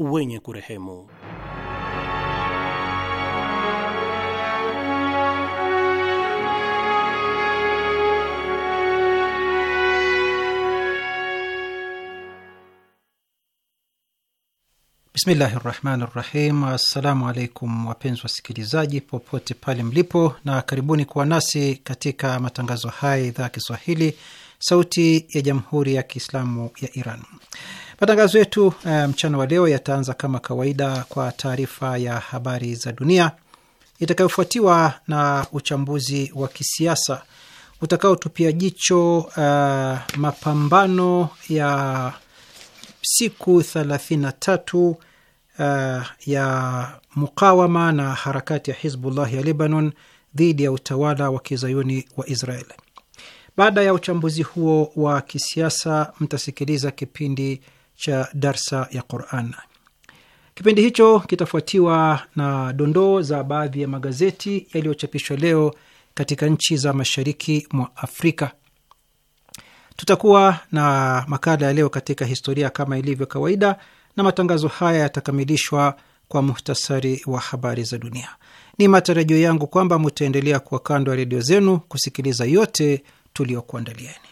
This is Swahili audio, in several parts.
wenye kurehemu. Bismillahi rahmani rahim. Assalamu alaikum wapenzi wasikilizaji popote pale mlipo, na karibuni kuwa nasi katika matangazo haya idhaa ya Kiswahili, sauti ya jamhuri ya kiislamu ya Iran. Matangazo yetu eh, mchana um, wa leo yataanza kama kawaida kwa taarifa ya habari za dunia itakayofuatiwa na uchambuzi wa kisiasa utakaotupia jicho uh, mapambano ya siku 33 uh, eh, ya mukawama na harakati ya Hizbullah ya Lebanon dhidi ya utawala wa kizayuni wa Israel. Baada ya uchambuzi huo wa kisiasa, mtasikiliza kipindi cha darsa ya Quran. Kipindi hicho kitafuatiwa na dondoo za baadhi ya magazeti yaliyochapishwa leo katika nchi za mashariki mwa Afrika. Tutakuwa na makala ya leo katika historia kama ilivyo kawaida, na matangazo haya yatakamilishwa kwa muhtasari wa habari za dunia. Ni matarajio yangu kwamba mutaendelea kuwa kando ya redio zenu kusikiliza yote tuliyokuandalieni.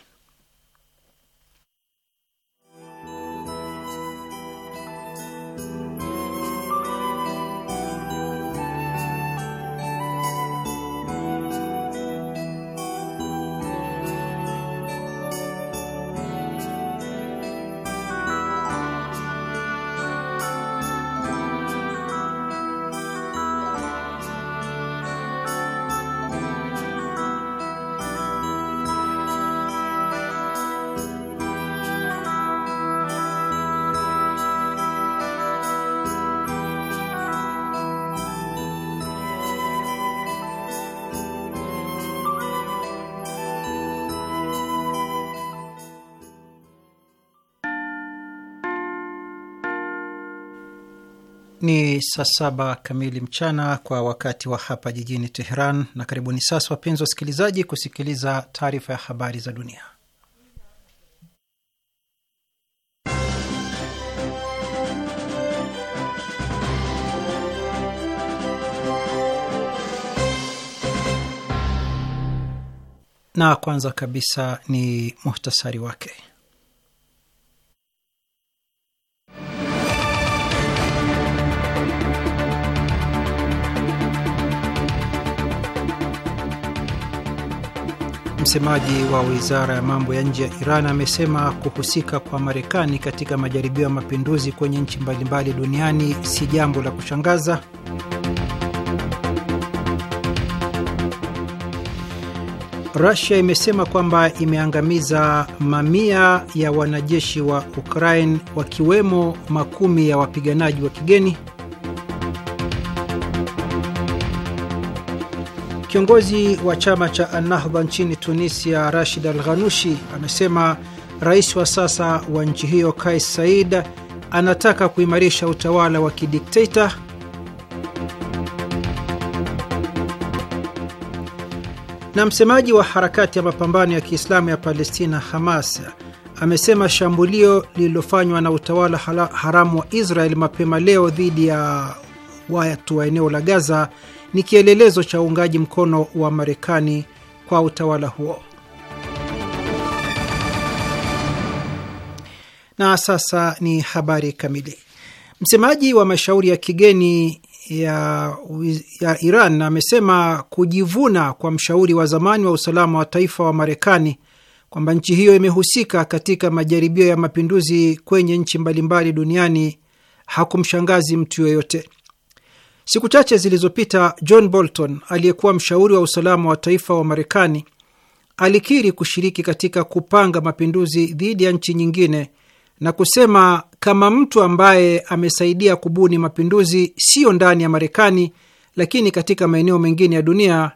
saa saba kamili mchana kwa wakati wa hapa jijini Teheran, na karibuni sasa wapenzi wasikilizaji, kusikiliza taarifa ya habari za dunia. Na kwanza kabisa ni muhtasari wake. Msemaji wa wizara ya mambo ya nje ya Iran amesema kuhusika kwa Marekani katika majaribio ya mapinduzi kwenye nchi mbalimbali duniani si jambo la kushangaza. Rusia imesema kwamba imeangamiza mamia ya wanajeshi wa Ukraine wakiwemo makumi ya wapiganaji wa kigeni. Kiongozi wa chama cha anahba nchini Tunisia, Rashid Al Ghanushi, amesema rais wa sasa wa nchi hiyo Kais said anataka kuimarisha utawala wa kidikteta. Na msemaji wa harakati ya mapambano ya Kiislamu ya Palestina, Hamas, amesema shambulio lililofanywa na utawala haramu wa Israel mapema leo dhidi ya watu wa eneo la Gaza ni kielelezo cha uungaji mkono wa Marekani kwa utawala huo. Na sasa ni habari kamili. Msemaji wa mashauri ya kigeni ya, ya Iran amesema kujivuna kwa mshauri wa zamani wa usalama wa taifa wa Marekani kwamba nchi hiyo imehusika katika majaribio ya mapinduzi kwenye nchi mbalimbali duniani hakumshangazi mtu yoyote. Siku chache zilizopita, John Bolton aliyekuwa mshauri wa usalama wa taifa wa Marekani alikiri kushiriki katika kupanga mapinduzi dhidi ya nchi nyingine na kusema kama mtu ambaye amesaidia kubuni mapinduzi siyo ndani ya Marekani lakini katika maeneo mengine ya dunia,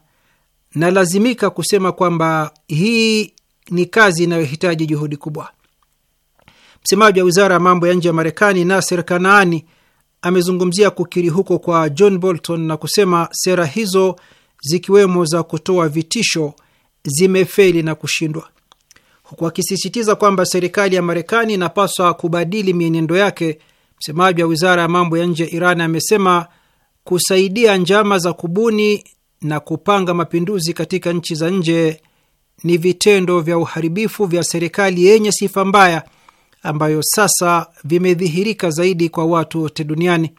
nalazimika kusema kwamba hii ni kazi inayohitaji juhudi kubwa. Msemaji wa wizara ya mambo ya nje ya Marekani Nasser Kanaani amezungumzia kukiri huko kwa John Bolton na kusema sera hizo zikiwemo za kutoa vitisho zimefeli na kushindwa, huku akisisitiza kwamba serikali ya Marekani inapaswa kubadili mienendo yake. Msemaji wa wizara ya mambo ya nje ya Iran amesema kusaidia njama za kubuni na kupanga mapinduzi katika nchi za nje ni vitendo vya uharibifu vya serikali yenye sifa mbaya ambayo sasa vimedhihirika zaidi kwa watu wote duniani.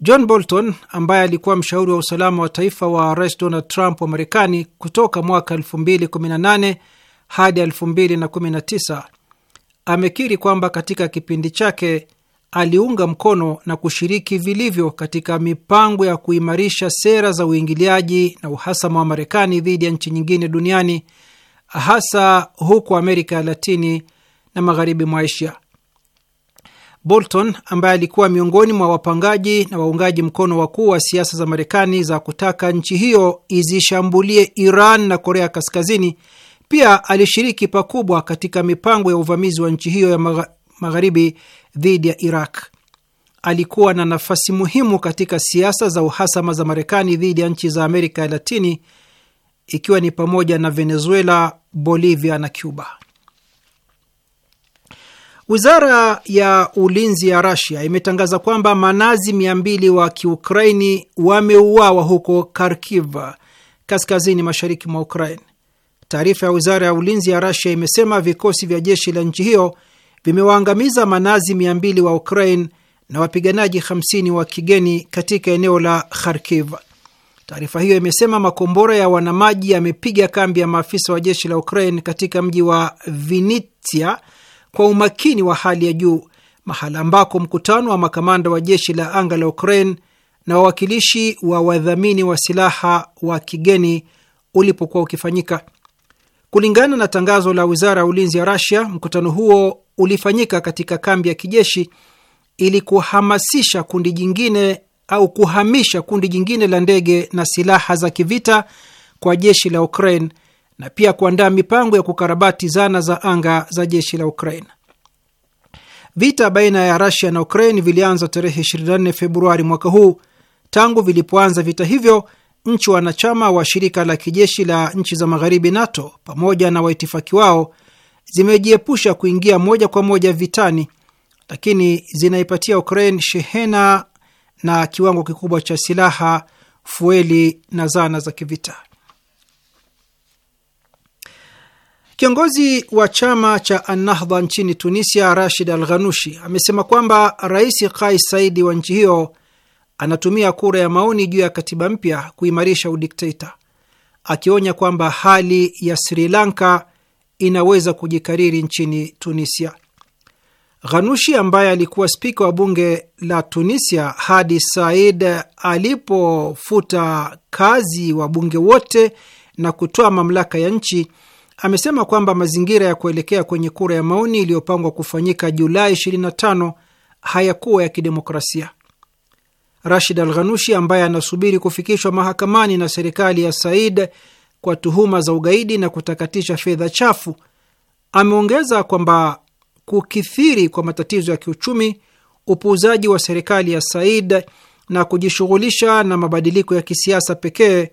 John Bolton ambaye alikuwa mshauri wa usalama wa taifa wa Rais Donald Trump wa Marekani kutoka mwaka 2018 hadi 2019 amekiri kwamba katika kipindi chake aliunga mkono na kushiriki vilivyo katika mipango ya kuimarisha sera za uingiliaji na uhasama wa Marekani dhidi ya nchi nyingine duniani hasa huko Amerika ya Latini na magharibi mwa Asia. Bolton ambaye alikuwa miongoni mwa wapangaji na waungaji mkono wakuu wa siasa za Marekani za kutaka nchi hiyo izishambulie Iran na Korea Kaskazini, pia alishiriki pakubwa katika mipango ya uvamizi wa nchi hiyo ya magharibi dhidi ya Iraq. Alikuwa na nafasi muhimu katika siasa za uhasama za Marekani dhidi ya nchi za Amerika ya Latini, ikiwa ni pamoja na Venezuela, Bolivia na Cuba. Wizara ya ulinzi ya Rasia imetangaza kwamba manazi mia mbili wa Kiukraini wameuawa huko Kharkiv, kaskazini mashariki mwa Ukraine. Taarifa ya wizara ya ulinzi ya Rasia imesema vikosi vya jeshi la nchi hiyo vimewaangamiza manazi mia mbili wa Ukraine na wapiganaji 50 wa kigeni katika eneo la Kharkiv. Taarifa hiyo imesema makombora ya wanamaji yamepiga kambi ya maafisa wa jeshi la Ukraine katika mji wa Vinitia kwa umakini wa hali ya juu, mahala ambako mkutano wa makamanda wa jeshi la anga la Ukraine na wawakilishi wa wadhamini wa silaha wa kigeni ulipokuwa ukifanyika. Kulingana na tangazo la wizara ya ulinzi ya rasia mkutano huo ulifanyika katika kambi ya kijeshi ili kuhamasisha kundi jingine au kuhamisha kundi jingine la ndege na silaha za kivita kwa jeshi la Ukraine na pia kuandaa mipango ya kukarabati zana za anga za jeshi la Ukraine. Vita baina ya Rusia na Ukraine vilianza tarehe 24 Februari mwaka huu. Tangu vilipoanza vita hivyo, nchi wanachama wa shirika la kijeshi la nchi za magharibi NATO pamoja na waitifaki wao zimejiepusha kuingia moja kwa moja vitani, lakini zinaipatia Ukraine shehena na kiwango kikubwa cha silaha, fueli na zana za kivita. Kiongozi wa chama cha Annahdha nchini Tunisia, Rashid Al Ghanushi, amesema kwamba Rais Kais Saidi wa nchi hiyo anatumia kura ya maoni juu ya katiba mpya kuimarisha udikteta, akionya kwamba hali ya Sri Lanka inaweza kujikariri nchini Tunisia. Ghanushi ambaye alikuwa spika wa bunge la Tunisia hadi Said alipofuta kazi wabunge wote na kutoa mamlaka ya nchi amesema kwamba mazingira ya kuelekea kwenye kura ya maoni iliyopangwa kufanyika Julai 25 hayakuwa ya kidemokrasia. Rashid Al Ghanushi ambaye anasubiri kufikishwa mahakamani na serikali ya Said kwa tuhuma za ugaidi na kutakatisha fedha chafu, ameongeza kwamba kukithiri kwa matatizo ya kiuchumi, upuuzaji wa serikali ya Said na kujishughulisha na mabadiliko ya kisiasa pekee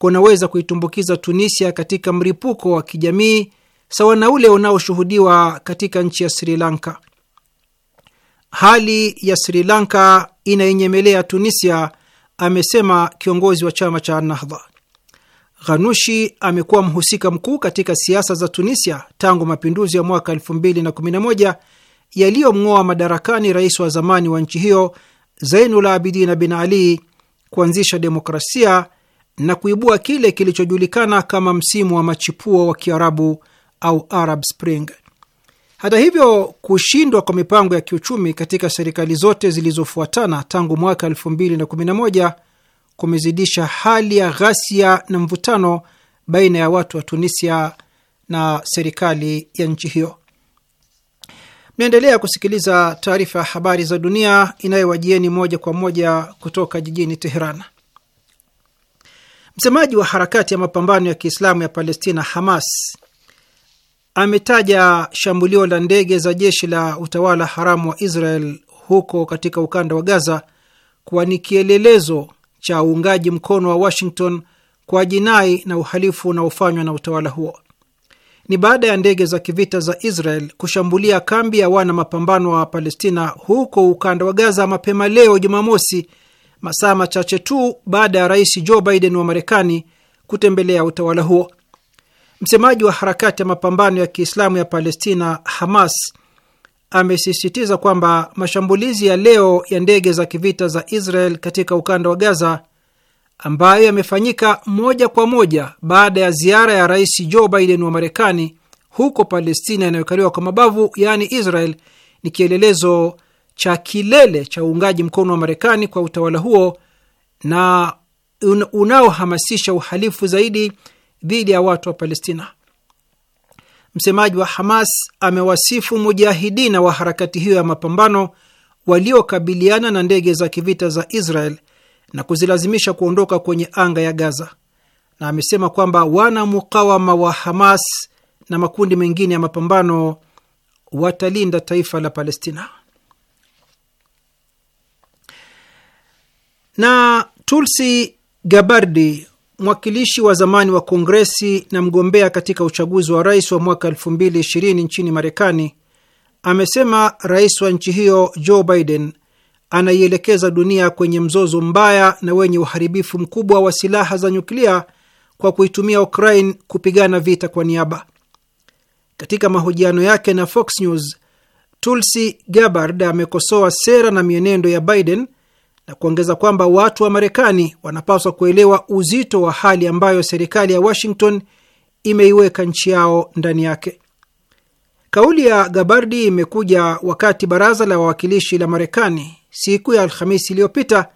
kunaweza kuitumbukiza Tunisia katika mlipuko wa kijamii sawa na ule unaoshuhudiwa katika nchi ya Sri Lanka. Hali ya Sri Lanka inayenyemelea Tunisia, amesema kiongozi wa chama cha Nahdha. Ghanushi amekuwa mhusika mkuu katika siasa za Tunisia tangu mapinduzi ya mwaka 2011 yaliyomng'oa madarakani rais wa zamani wa nchi hiyo Zainul Abidin bin Ali, kuanzisha demokrasia na kuibua kile kilichojulikana kama msimu wa machipuo wa Kiarabu au Arab Spring. Hata hivyo, kushindwa kwa mipango ya kiuchumi katika serikali zote zilizofuatana tangu mwaka 2011 kumezidisha hali ya ghasia na mvutano baina ya watu wa Tunisia na serikali ya nchi hiyo. Mnaendelea kusikiliza taarifa ya habari za dunia inayowajieni moja kwa moja kutoka jijini Teheran. Msemaji wa harakati ya mapambano ya Kiislamu ya Palestina, Hamas, ametaja shambulio la ndege za jeshi la utawala haramu wa Israel huko katika ukanda wa Gaza kuwa ni kielelezo cha uungaji mkono wa Washington kwa jinai na uhalifu unaofanywa na utawala huo. Ni baada ya ndege za kivita za Israel kushambulia kambi ya wana mapambano wa Palestina huko ukanda wa Gaza mapema leo Jumamosi masaa machache tu baada ya rais Joe Biden wa Marekani kutembelea utawala huo. Msemaji wa harakati ya mapambano ya Kiislamu ya Palestina, Hamas, amesisitiza kwamba mashambulizi ya leo ya ndege za kivita za Israel katika ukanda wa Gaza ambayo yamefanyika moja kwa moja baada ya ziara ya rais Joe Biden wa Marekani huko Palestina inayokaliwa kwa mabavu yaani Israel ni kielelezo cha kilele cha uungaji mkono wa Marekani kwa utawala huo na unaohamasisha uhalifu zaidi dhidi ya watu wa Palestina. Msemaji wa Hamas amewasifu mujahidina wa harakati hiyo ya mapambano waliokabiliana na ndege za kivita za Israel na kuzilazimisha kuondoka kwenye anga ya Gaza, na amesema kwamba wana mukawama wa Hamas na makundi mengine ya mapambano watalinda taifa la Palestina. na Tulsi Gabardi, mwakilishi wa zamani wa Kongresi na mgombea katika uchaguzi wa rais wa mwaka 2020 nchini Marekani, amesema rais wa nchi hiyo Joe Biden anaielekeza dunia kwenye mzozo mbaya na wenye uharibifu mkubwa wa silaha za nyuklia kwa kuitumia Ukraine kupigana vita kwa niaba. Katika mahojiano yake na Fox News, Tulsi Gabbard amekosoa sera na mienendo ya Biden na kuongeza kwamba watu wa Marekani wanapaswa kuelewa uzito wa hali ambayo serikali ya Washington imeiweka nchi yao ndani yake. Kauli ya Gabardi imekuja wakati baraza la wawakilishi la Marekani siku ya Alhamisi iliyopita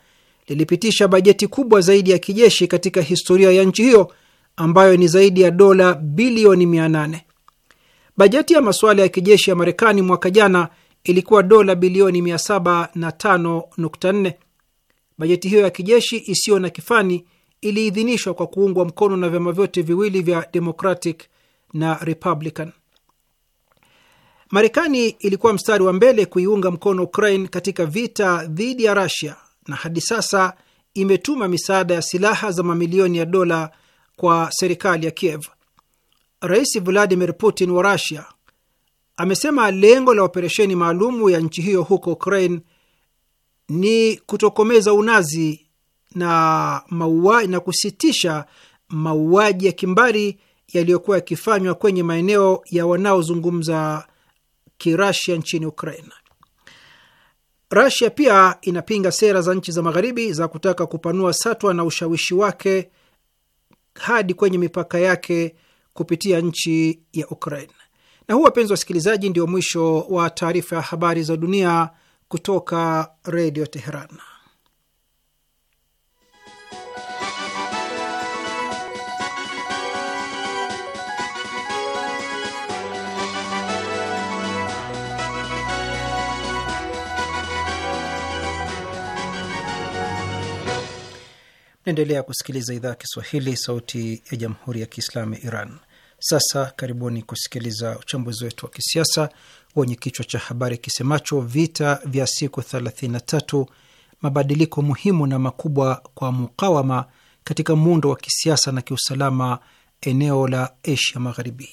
lilipitisha bajeti kubwa zaidi ya kijeshi katika historia ya nchi hiyo ambayo ni zaidi ya dola bilioni 800. Bajeti ya masuala ya kijeshi ya Marekani mwaka jana ilikuwa dola bilioni 705.4. Bajeti hiyo ya kijeshi isiyo na kifani iliidhinishwa kwa kuungwa mkono na vyama vyote viwili vya Democratic na Republican. Marekani ilikuwa mstari wa mbele kuiunga mkono Ukraine katika vita dhidi ya Russia na hadi sasa imetuma misaada ya silaha za mamilioni ya dola kwa serikali ya Kiev. Rais Vladimir Putin wa Russia amesema lengo la operesheni maalumu ya nchi hiyo huko Ukraine ni kutokomeza unazi na maua, na kusitisha mauaji ya kimbari yaliyokuwa yakifanywa kwenye maeneo ya wanaozungumza Kirasia nchini Ukraina. Rasia pia inapinga sera za nchi za magharibi za kutaka kupanua satwa na ushawishi wake hadi kwenye mipaka yake kupitia nchi ya Ukraina. Na huu, wapenzi wasikilizaji, ndio mwisho wa taarifa ya habari za dunia kutoka Redio Teheran. Naendelea kusikiliza idhaa ya Kiswahili, sauti ya jamhuri ya kiislamu ya Iran. Sasa karibuni kusikiliza uchambuzi wetu wa kisiasa wenye kichwa cha habari kisemacho vita vya siku 33 mabadiliko muhimu na makubwa kwa mukawama katika muundo wa kisiasa na kiusalama eneo la Asia Magharibi.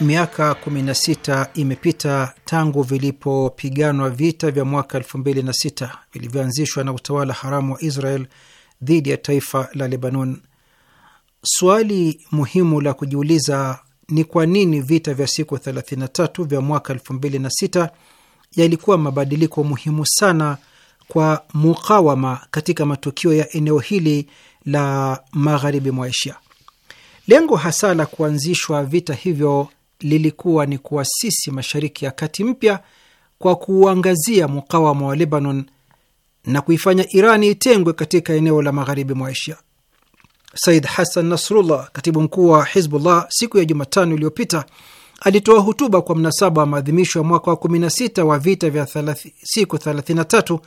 Miaka 16 imepita tangu vilipopiganwa vita vya mwaka 2006 vilivyoanzishwa na utawala haramu wa Israel dhidi ya taifa la Lebanon. Swali muhimu la kujiuliza ni kwa nini vita vya siku 33 vya mwaka 2006 yalikuwa mabadiliko muhimu sana kwa mukawama katika matukio ya eneo hili la magharibi mwa Asia. Lengo hasa la kuanzishwa vita hivyo lilikuwa ni kuasisi Mashariki ya Kati mpya kwa kuuangazia mukawama wa Lebanon na kuifanya Irani itengwe katika eneo la magharibi mwa Asia. Said Hassan Nasrullah, katibu mkuu wa Hizbullah, siku ya Jumatano iliyopita alitoa hutuba kwa mnasaba wa maadhimisho ya mwaka wa 16 wa vita vya thalathi, siku 33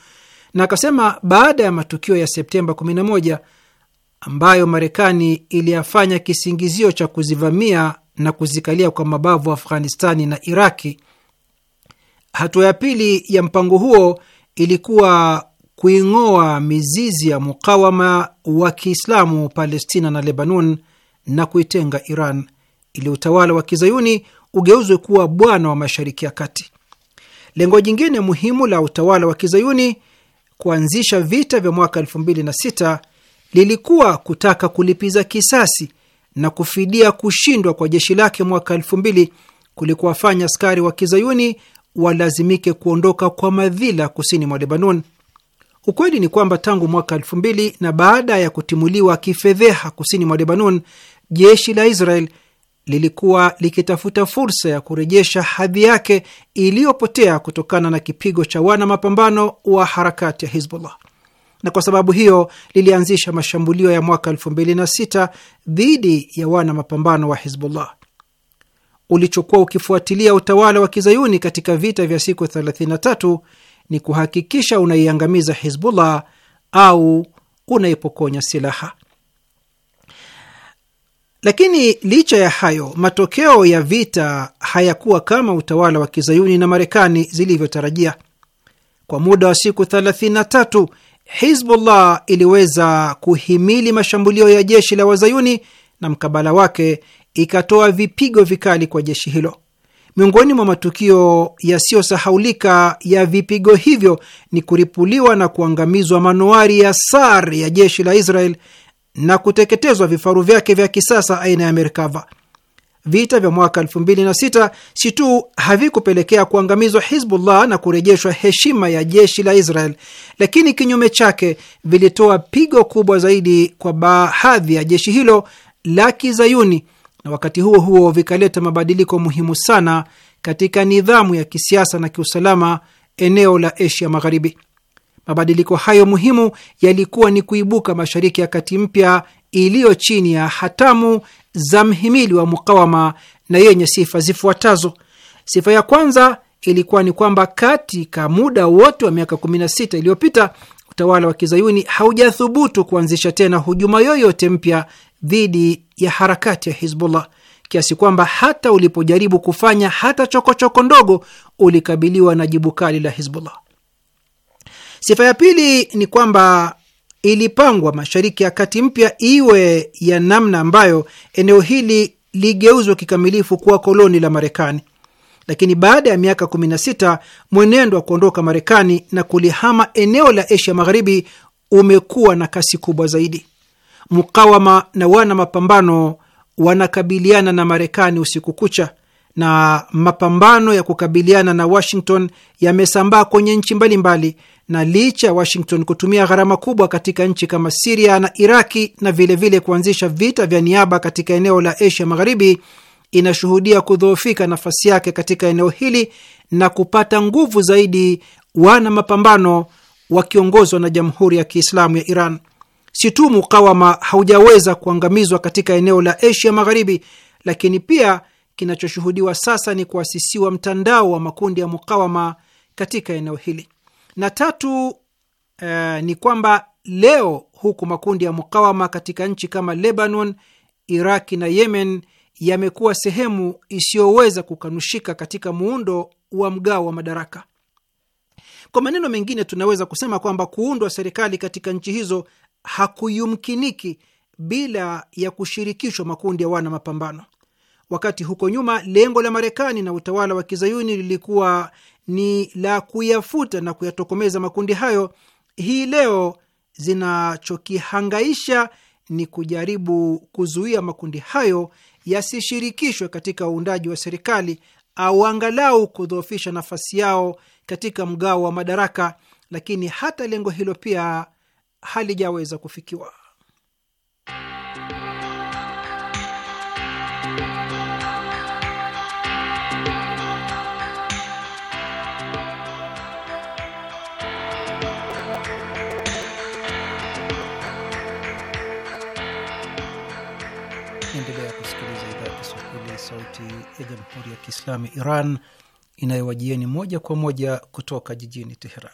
na akasema baada ya matukio ya Septemba 11 ambayo Marekani iliyafanya kisingizio cha kuzivamia na kuzikalia kwa mabavu Afghanistani na Iraki. Hatua ya pili ya mpango huo ilikuwa kuing'oa mizizi ya mukawama wa Kiislamu Palestina na Lebanon na kuitenga Iran ili utawala wa kizayuni ugeuzwe kuwa bwana wa Mashariki ya Kati. Lengo jingine muhimu la utawala wa kizayuni kuanzisha vita vya mwaka 2006 lilikuwa kutaka kulipiza kisasi na kufidia kushindwa kwa jeshi lake mwaka elfu mbili kulikuwafanya askari wa kizayuni walazimike kuondoka kwa madhila kusini mwa Lebanon. Ukweli ni kwamba tangu mwaka elfu mbili na baada ya kutimuliwa kifedheha kusini mwa Lebanon, jeshi la Israel lilikuwa likitafuta fursa ya kurejesha hadhi yake iliyopotea kutokana na kipigo cha wana mapambano wa harakati ya Hizbullah na kwa sababu hiyo lilianzisha mashambulio ya mwaka 2006 dhidi ya wana mapambano wa Hizbullah. Ulichokuwa ukifuatilia utawala wa kizayuni katika vita vya siku 33 ni kuhakikisha unaiangamiza Hizbullah au unaipokonya silaha. Lakini licha ya hayo, matokeo ya vita hayakuwa kama utawala wa kizayuni na Marekani zilivyotarajia. Kwa muda wa siku 33 Hizbullah iliweza kuhimili mashambulio ya jeshi la Wazayuni na mkabala wake ikatoa vipigo vikali kwa jeshi hilo. Miongoni mwa matukio yasiyosahaulika ya vipigo hivyo ni kuripuliwa na kuangamizwa manowari ya Sar ya jeshi la Israel na kuteketezwa vifaru vyake vya kisasa aina ya Merkava vita vya mwaka 2006 si tu havikupelekea kuangamizwa Hizbullah na kurejeshwa heshima ya jeshi la Israel, lakini kinyume chake vilitoa pigo kubwa zaidi kwa baadhi ya jeshi hilo la kizayuni, na wakati huo huo vikaleta mabadiliko muhimu sana katika nidhamu ya kisiasa na kiusalama eneo la Asia Magharibi. Mabadiliko hayo muhimu yalikuwa ni kuibuka Mashariki ya Kati mpya iliyo chini ya hatamu za mhimili wa mukawama na yenye sifa zifuatazo. Sifa ya kwanza ilikuwa ni kwamba katika muda wote wa miaka 16 iliyopita utawala wa kizayuni haujathubutu kuanzisha tena hujuma yoyote mpya dhidi ya harakati ya Hizbullah kiasi kwamba hata ulipojaribu kufanya hata chokochoko -choko ndogo ulikabiliwa na jibu kali la Hizbullah. Sifa ya pili ni kwamba ilipangwa Mashariki ya Kati mpya iwe ya namna ambayo eneo hili ligeuzwa kikamilifu kuwa koloni la Marekani, lakini baada ya miaka 16 mwenendo wa kuondoka Marekani na kulihama eneo la Asia Magharibi umekuwa na kasi kubwa zaidi. Mukawama na wana mapambano wanakabiliana na Marekani usiku kucha, na mapambano ya kukabiliana na Washington yamesambaa kwenye nchi mbalimbali na licha ya Washington kutumia gharama kubwa katika nchi kama Siria na Iraki na vilevile vile kuanzisha vita vya niaba katika eneo la Asia Magharibi, inashuhudia kudhoofika nafasi yake katika eneo hili na kupata nguvu zaidi wana mapambano wakiongozwa na Jamhuri ya Kiislamu ya Iran. Si tu mukawama haujaweza kuangamizwa katika eneo la Asia Magharibi, lakini pia kinachoshuhudiwa sasa ni kuasisiwa mtandao wa makundi ya mukawama katika eneo hili. Na tatu eh, ni kwamba leo huku makundi ya mukawama katika nchi kama Lebanon, Iraki na Yemen yamekuwa sehemu isiyoweza kukanushika katika muundo wa mgao wa madaraka. Kwa maneno mengine, tunaweza kusema kwamba kuundwa serikali katika nchi hizo hakuyumkiniki bila ya kushirikishwa makundi ya wana mapambano. Wakati huko nyuma lengo la Marekani na utawala wa kizayuni lilikuwa ni la kuyafuta na kuyatokomeza makundi hayo, hii leo zinachokihangaisha ni kujaribu kuzuia makundi hayo yasishirikishwe katika uundaji wa serikali au angalau kudhoofisha nafasi yao katika mgao wa madaraka, lakini hata lengo hilo pia halijaweza kufikiwa. ya Jamhuri ya Kiislamu ya Iran inayowajieni moja kwa moja kutoka jijini Teheran.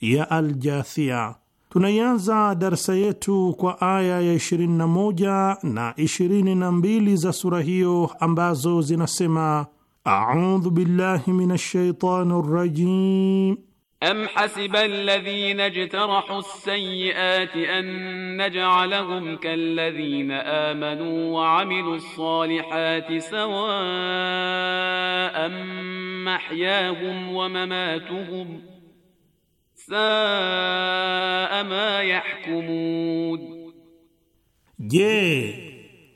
ya Aljathia. Tunaianza darsa yetu kwa aya ya 21 na 22 za sura hiyo ambazo zinasema: audhu billahi minash shaitani rajim am hasiba alladhina jtarahu sayyiati an naj'alahum kalladhina amanu wa amilu ssalihati sawa'an mahyahum wa mamatuhum saa ma yahkumun, je,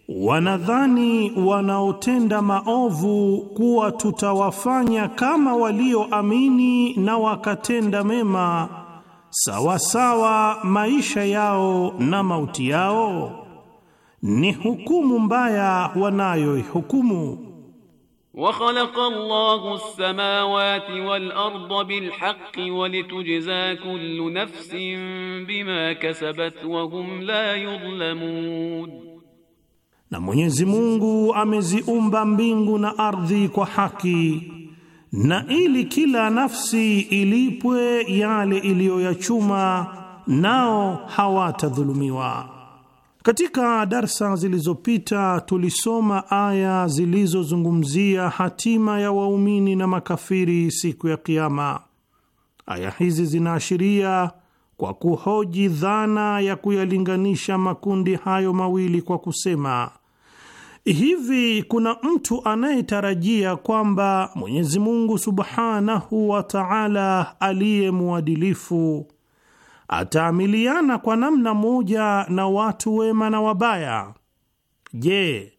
wanadhani wanaotenda maovu kuwa tutawafanya kama walioamini na wakatenda mema sawasawa maisha yao na mauti yao? Ni hukumu mbaya wanayoihukumu wa khalaqa Allahu as-samawati wal arda bil haqqi wa litujza kullu nafsin bima kasabat wa hum la yudhlamun, na Mwenyezi Mungu ameziumba mbingu na ardhi kwa haki na ili kila nafsi ilipwe yale iliyoyachuma, nao hawatadhulumiwa. Katika darsa zilizopita tulisoma aya zilizozungumzia hatima ya waumini na makafiri siku ya Kiama. Aya hizi zinaashiria kwa kuhoji dhana ya kuyalinganisha makundi hayo mawili kwa kusema hivi: kuna mtu anayetarajia kwamba Mwenyezi Mungu subhanahu wa taala aliye mwadilifu ataamiliana kwa namna moja na watu wema na wabaya. Je,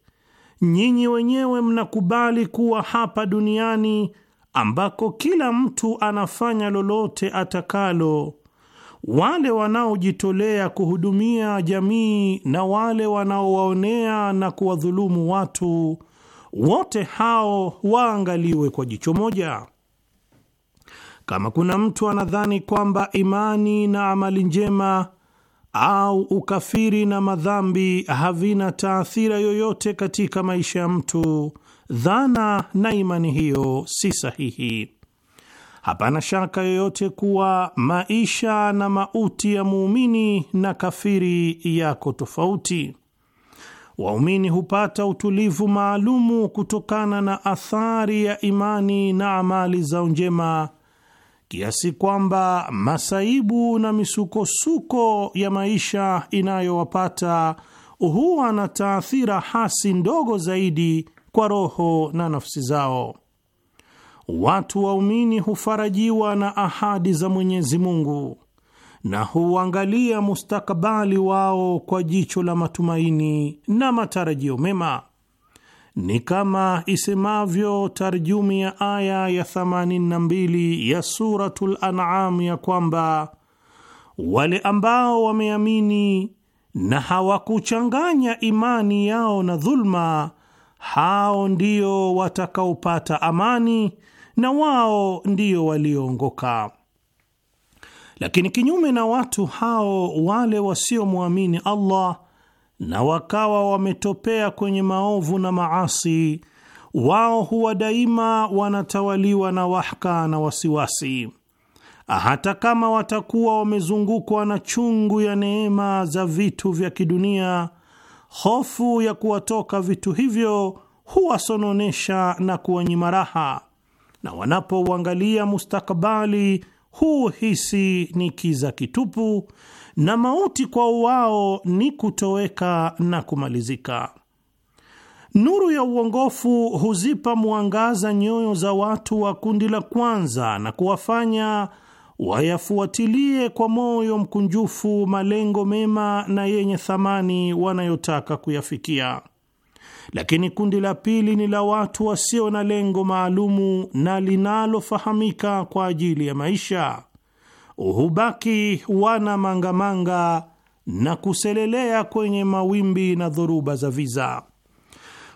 nyinyi wenyewe mnakubali kuwa hapa duniani ambako kila mtu anafanya lolote atakalo, wale wanaojitolea kuhudumia jamii na wale wanaowaonea na kuwadhulumu watu, wote hao waangaliwe kwa jicho moja? Kama kuna mtu anadhani kwamba imani na amali njema au ukafiri na madhambi havina taathira yoyote katika maisha ya mtu, dhana na imani hiyo si sahihi. Hapana shaka yoyote kuwa maisha na mauti ya muumini na kafiri yako tofauti. Waumini hupata utulivu maalumu kutokana na athari ya imani na amali zao njema kiasi kwamba masaibu na misukosuko ya maisha inayowapata huwa na taathira hasi ndogo zaidi kwa roho na nafsi zao. Watu waumini hufarajiwa na ahadi za Mwenyezi Mungu na huangalia mustakabali wao kwa jicho la matumaini na matarajio mema ni kama isemavyo tarjumi ya aya ya 82 ya Suratul An'am ya kwamba wale ambao wameamini na hawakuchanganya imani yao na dhulma, hao ndio watakaopata amani na wao ndio walioongoka. Lakini kinyume na watu hao, wale wasiomwamini Allah na wakawa wametopea kwenye maovu na maasi, wao huwa daima wanatawaliwa na wahka na wasiwasi, hata kama watakuwa wamezungukwa na chungu ya neema za vitu vya kidunia. Hofu ya kuwatoka vitu hivyo huwasononesha na kuwanyima raha, na wanapouangalia mustakabali huhisi ni kiza kitupu, na mauti kwa wao ni kutoweka na kumalizika. Nuru ya uongofu huzipa mwangaza nyoyo za watu wa kundi la kwanza na kuwafanya wayafuatilie kwa moyo mkunjufu malengo mema na yenye thamani wanayotaka kuyafikia lakini kundi la pili ni la watu wasio na lengo maalumu na linalofahamika kwa ajili ya maisha, hubaki wana mangamanga na kuselelea kwenye mawimbi na dhoruba za viza.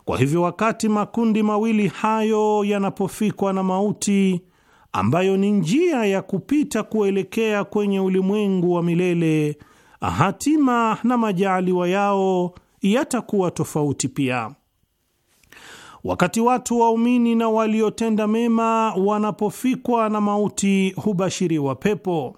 Kwa hivyo, wakati makundi mawili hayo yanapofikwa na mauti ambayo ni njia ya kupita kuelekea kwenye ulimwengu wa milele, hatima na majaaliwa yao yatakuwa tofauti pia. Wakati watu waumini na waliotenda mema wanapofikwa na mauti hubashiriwa pepo,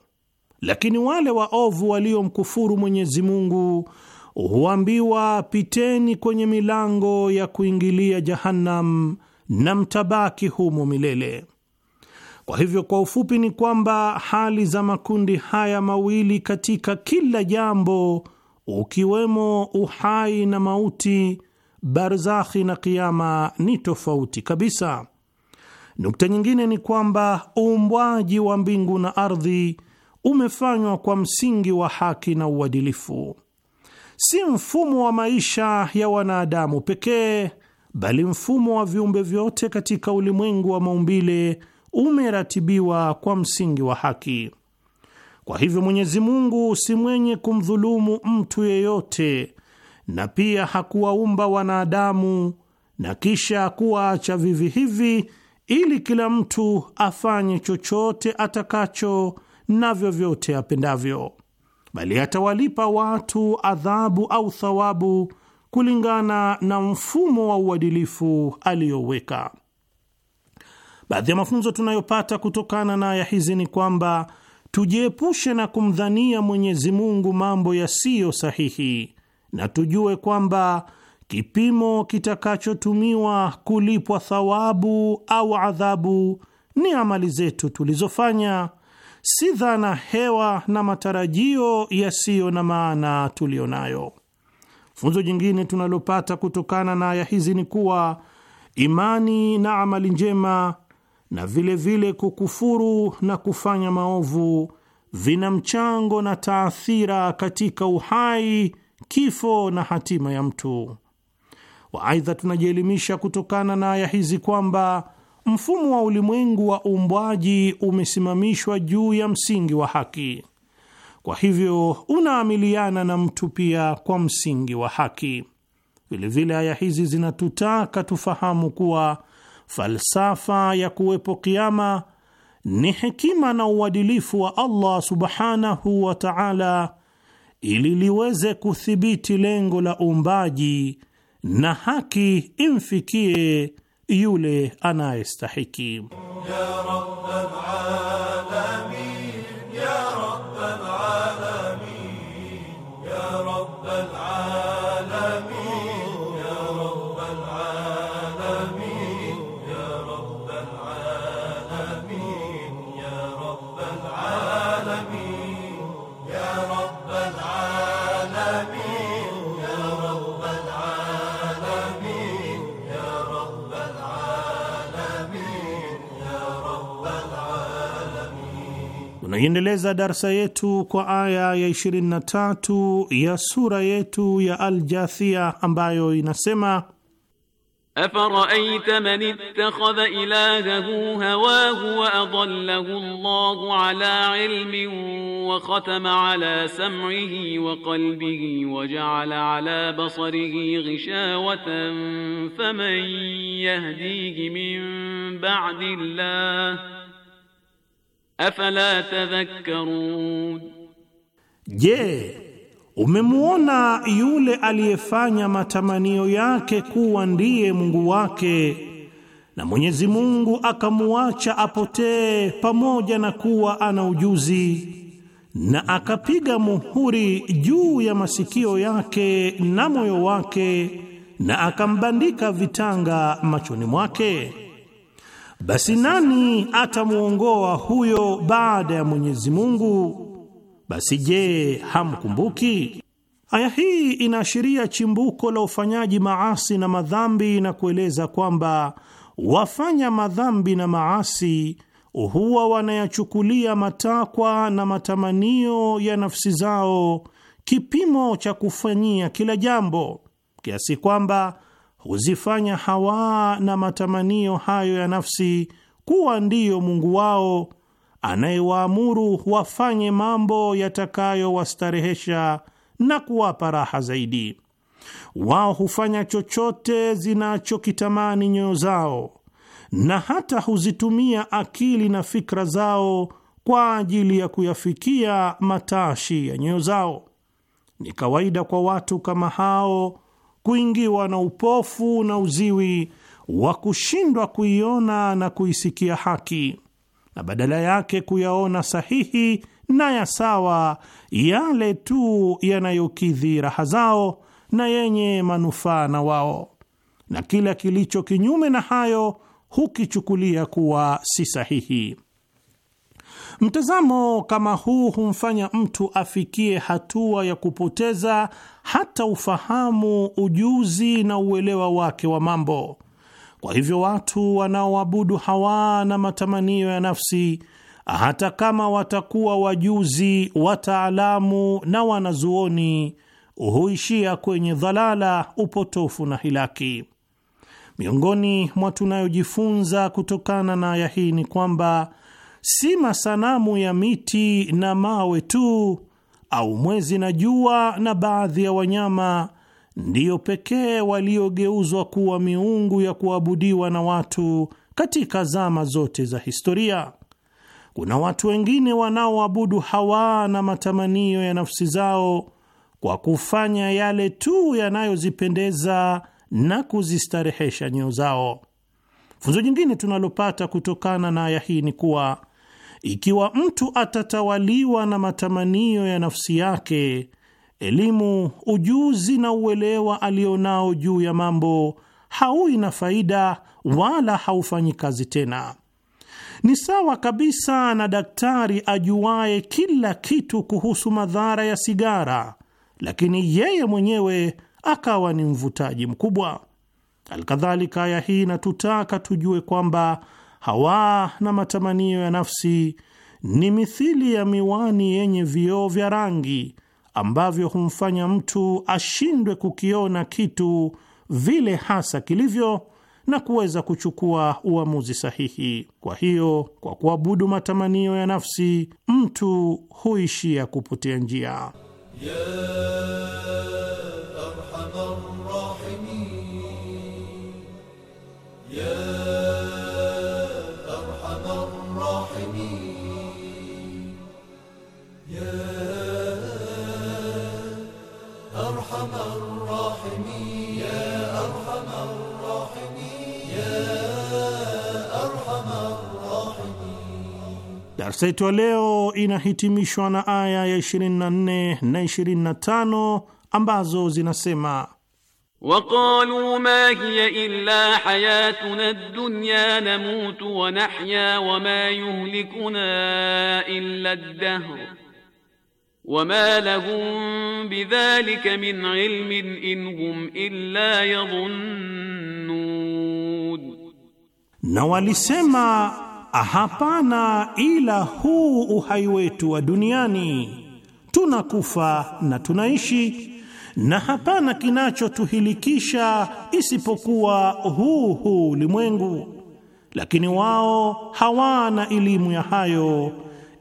lakini wale waovu waliomkufuru Mwenyezi Mungu huambiwa, piteni kwenye milango ya kuingilia Jahannam na mtabaki humo milele. Kwa hivyo, kwa ufupi ni kwamba hali za makundi haya mawili katika kila jambo ukiwemo uhai na mauti, barzakhi na kiama ni tofauti kabisa. Nukta nyingine ni kwamba uumbwaji wa mbingu na ardhi umefanywa kwa msingi wa haki na uadilifu, si mfumo wa maisha ya wanadamu pekee, bali mfumo wa viumbe vyote katika ulimwengu wa maumbile umeratibiwa kwa msingi wa haki. Kwa hivyo Mwenyezi Mungu si mwenye kumdhulumu mtu yeyote, na pia hakuwaumba wanadamu na kisha kuwaacha vivi hivi ili kila mtu afanye chochote atakacho na vyovyote apendavyo, bali atawalipa watu adhabu au thawabu kulingana na mfumo wa uadilifu aliyoweka. Baadhi ya mafunzo tunayopata kutokana na aya hizi ni kwamba tujiepushe na kumdhania Mwenyezi Mungu mambo yasiyo sahihi, na tujue kwamba kipimo kitakachotumiwa kulipwa thawabu au adhabu ni amali zetu tulizofanya, si dhana hewa na matarajio yasiyo na maana tuliyo nayo. Funzo jingine tunalopata kutokana na aya hizi ni kuwa imani na amali njema na vilevile vile kukufuru na kufanya maovu vina mchango na taathira katika uhai, kifo na hatima ya mtu. Waaidha, tunajielimisha kutokana na aya hizi kwamba mfumo wa ulimwengu wa uumbwaji umesimamishwa juu ya msingi wa haki, kwa hivyo unaamiliana na mtu pia kwa msingi wa haki. Vilevile aya hizi zinatutaka tufahamu kuwa falsafa ya kuwepo kiama ni hekima na uadilifu wa Allah subhanahu wa ta'ala, ili liweze kuthibiti lengo la uumbaji na haki imfikie yule anayestahiki ya Tunaiendeleza darsa yetu kwa aya ya 23 ya sura yetu ya Al-Jathia ambayo inasema Afaraaita man ittakhadha ilahahu hawahu wa adallahu Allahu ala ilmin wa khatama ala sam'ihi wa qalbihi wa ja'ala ala basarihi ghishawatan faman yahdihi min ba'di Allah Afala tadhakkarun, je, umemuona yule aliyefanya matamanio yake kuwa ndiye Mungu wake na Mwenyezi Mungu akamuacha apotee pamoja na kuwa ana ujuzi na akapiga muhuri juu ya masikio yake na moyo wake na akambandika vitanga machoni mwake? Basi nani atamwongoa huyo baada ya Mwenyezi Mungu? Basi je, hamkumbuki? Aya hii inaashiria chimbuko la ufanyaji maasi na madhambi na kueleza kwamba wafanya madhambi na maasi huwa wanayachukulia matakwa na matamanio ya nafsi zao kipimo cha kufanyia kila jambo, kiasi kwamba huzifanya hawa na matamanio hayo ya nafsi kuwa ndiyo Mungu wao anayewaamuru wafanye mambo yatakayowastarehesha na kuwapa raha zaidi. Wao hufanya chochote zinachokitamani nyoyo zao na hata huzitumia akili na fikra zao kwa ajili ya kuyafikia matashi ya nyoyo zao. Ni kawaida kwa watu kama hao kuingiwa na upofu na uziwi wa kushindwa kuiona na kuisikia haki na badala yake kuyaona sahihi na ya sawa yale tu yanayokidhi raha zao na yenye manufaa na wao, na kila kilicho kinyume na hayo hukichukulia kuwa si sahihi. Mtazamo kama huu humfanya mtu afikie hatua ya kupoteza hata ufahamu, ujuzi na uelewa wake wa mambo. Kwa hivyo watu wanaoabudu hawa na matamanio ya nafsi, hata kama watakuwa wajuzi, wataalamu na wanazuoni, huishia kwenye dhalala, upotofu na hilaki. Miongoni mwa tunayojifunza kutokana na aya hii ni kwamba si masanamu ya miti na mawe tu au mwezi na jua na baadhi ya wanyama ndiyo pekee waliogeuzwa kuwa miungu ya kuabudiwa na watu katika zama zote za historia. Kuna watu wengine wanaoabudu hawa na matamanio ya nafsi zao kwa kufanya yale tu yanayozipendeza na kuzistarehesha nyoyo zao. Funzo jingine tunalopata kutokana na aya hii ni kuwa ikiwa mtu atatawaliwa na matamanio ya nafsi yake, elimu, ujuzi na uelewa alionao juu ya mambo haui na faida wala haufanyi kazi tena. Ni sawa kabisa na daktari ajuaye kila kitu kuhusu madhara ya sigara, lakini yeye mwenyewe akawa ni mvutaji mkubwa. Alkadhalika, aya hii inatutaka tujue kwamba hawa na matamanio ya nafsi ni mithili ya miwani yenye vioo vya rangi ambavyo humfanya mtu ashindwe kukiona kitu vile hasa kilivyo na kuweza kuchukua uamuzi sahihi. Kwa hiyo, kwa kuabudu matamanio ya nafsi, mtu huishia kupotea njia yeah. Darsa yetu ya leo inahitimishwa na aya ya 24 na 25 ambazo zinasema Waqalu ma hiya illa hayatuna ad-dunya namutu wa nahya wa ma yuhlikuna illa ad-dahr wa ma lahum bidhalika min ilmin in hum illa yadhunnun, na walisema hapana ila huu uhai wetu wa duniani, tunakufa na tunaishi, na hapana kinachotuhilikisha isipokuwa huu huu ulimwengu. Lakini wao hawana elimu ya hayo,